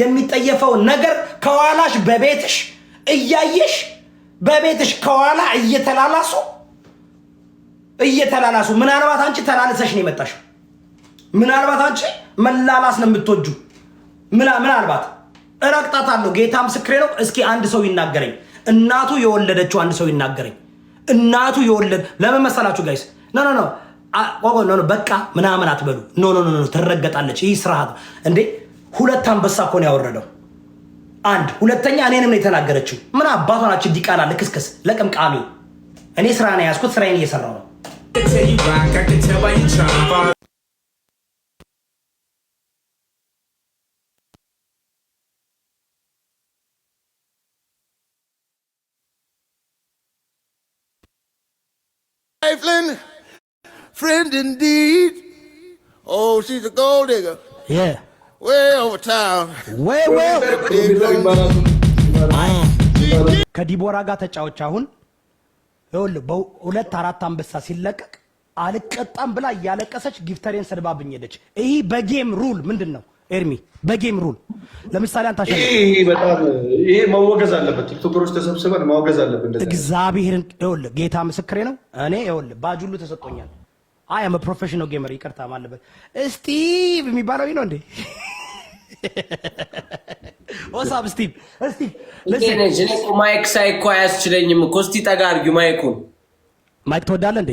የሚጠየፈው ነገር ከኋላሽ በቤትሽ እያየሽ በቤትሽ ከኋላ እየተላላሱ እየተላላሱ ምናልባት አንቺ ተላልሰሽ ነው የመጣሽው። ምናልባት አንቺ መላላስ ነው የምትወጁ። ምናልባት እረግጣታለሁ፣ ጌታ ምስክሬ ነው። እስኪ አንድ ሰው ይናገረኝ፣ እናቱ የወለደችው አንድ ሰው ይናገረኝ። እናቱ የወለደ ለምን መሰላችሁ ጋይስ? ኖ ኖ ኖ በቃ ምናምን አትበሉ። ኖ ኖ ኖ ትረገጣለች። ይህ ስርዓት እንዴ ሁለት አንበሳ እኮ ነው ያወረደው። አንድ ሁለተኛ እኔንም ነው የተናገረችው። ምን አባቷ ናችን ዲቃላ ልክስክስ ቃሚ እኔ ስራ ነው የያዝኩት፣ ስራዬን እየሰራው ነው። friend indeed oh she's a gold digger yeah way Way, way, over town. ከዲቦራ mm. ጋር ተጫወች። አሁን ይኸውልህ በሁለት አራት አንበሳ ሲለቀቅ አልቀጣም ብላ እያለቀሰች ጊፍተሬን ሰድባብኝ ሄደች። ይህ በጌም ሩል ምንድን ነው ኤርሚ? በጌም ሩል ለምሳሌ አንተ በጣም ይሄ መወገዝ አለበት። ቲክቶከሮች ተሰብስበን ማወገዝ አለበት። እግዚአብሔርን ይኸውልህ፣ ጌታ ምስክሬ ነው። እኔ ይኸውልህ ባጅ ሁሉ ተሰጥቶኛል። አይ አም ፕሮፌሽናል ጌመር ይቅርታ ማለበት ስቲቭ የሚባለው ነው እንዴ? ወሳብ ስቲቭ እስቲ ለዚህ ለዚህ ማይክ ሳይኮ አያስችለኝም እኮ እስቲ ጠጋ አድርጊው ማይኩን። ማይክ ትወዳለህ እንዴ?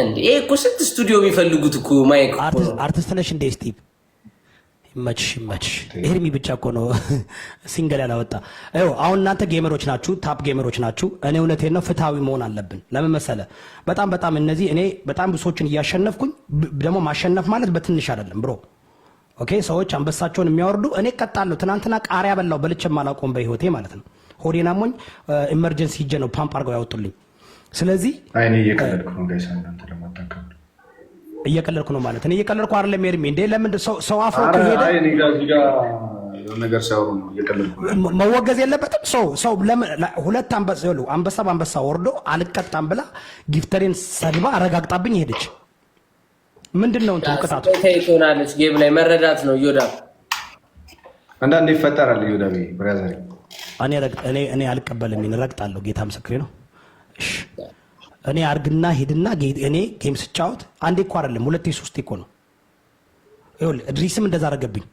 እንዴ ይሄ እኮ ስንት ስቱዲዮ የሚፈልጉት እኮ ማይክ። አርቲስት ነሽ እንዴ ስቲቭ? ይመችሽ ይመችሽ። ኤርሚ ብቻ እኮ ነው ሲንገል ያላወጣ። ይኸው አሁን እናንተ ጌመሮች ናችሁ፣ ታፕ ጌመሮች ናችሁ። እኔ እውነቴን ነው ፍትሐዊ መሆን አለብን። ለምን መሰለህ? በጣም በጣም እነዚህ እኔ በጣም ብሶችን እያሸነፍኩኝ ደግሞ ማሸነፍ ማለት በትንሽ አይደለም ብሮ ኦኬ ሰዎች አንበሳቸውን የሚያወርዱ እኔ ቀጣለሁ። ትናንትና ቃሪያ በላው በልቼ የማላውቀውም በህይወቴ ማለት ነው። ሆዴን አሞኝ ኤመርጀንሲ ሂጄ ነው ፓምፕ አድርገው ያወጡልኝ። ስለዚህ እየቀለድኩ ነው ማለት እኔ እየቀለድኩ አይደለም። ሄድሜ እንዴ ለምን ሰው አፍሮ ከሄደ መወገዝ የለበትም። ሰው ሰው ሁለት አንበሳ በአንበሳ ወርዶ አልቀጣም ብላ ጊፍተሬን ሰድባ አረጋግጣብኝ ሄደች። ምንድን ነው እንትን ቅጣቱ? ትሆናለች ጌም ላይ መረዳት ነው። ዮዳ አንዳንድ ይፈጠራል። ዮዳ ብራዘር እኔ አልቀበልም። እረግጣለሁ። ጌታ ምስክሬ ነው። እኔ አርግና ሄድና እኔ ጌም ስጫወት አንዴ እኮ አይደለም ሁለቴ ሶስቴ እኮ ነው። ይኸውልህ እድሪስም እንደዛ አደረገብኝ።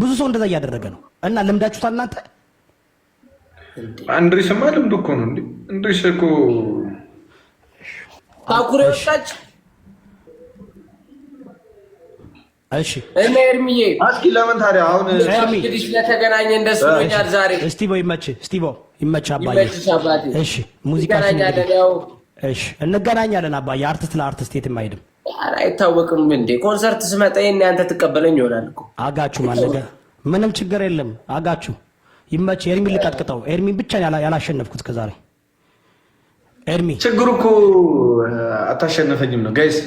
ብዙ ሰው እንደዛ እያደረገ ነው። እና ልምዳችሁታል እናንተ። እንድሪስማ ልምዱ እኮ ነው። እንድሪስ እኮ ታኩሬ ወጣች እሺ እኔ እርምዬ አስኪ ለምን ታዲያ አሁን እንግዲህ ስለተገናኘን ደስ ብሎኛል። ዛሬ ስቲቮ ይመች ስቲቮ ይመች አባዬ። እሺ ሙዚቃ እሺ፣ እንገናኛለን አባዬ። አርቲስት ለአርቲስት የትም አይሄድም። አይታወቅም እንዴ ኮንሰርት ስመጣ ይሄን አንተ ትቀበለኝ ይሆናል እኮ አጋችሁ ማለገ ምንም ችግር የለም። አጋችሁ ይመች። ኤርሚ ልቀጥቅጠው። ኤርሚን ብቻ ያላሸነፍኩት ከዛሬ ኤርሚ ችግሩ እኮ አታሸነፈኝም ነው ጋይስ።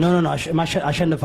ኖ ኖ ኖ አሸንፈ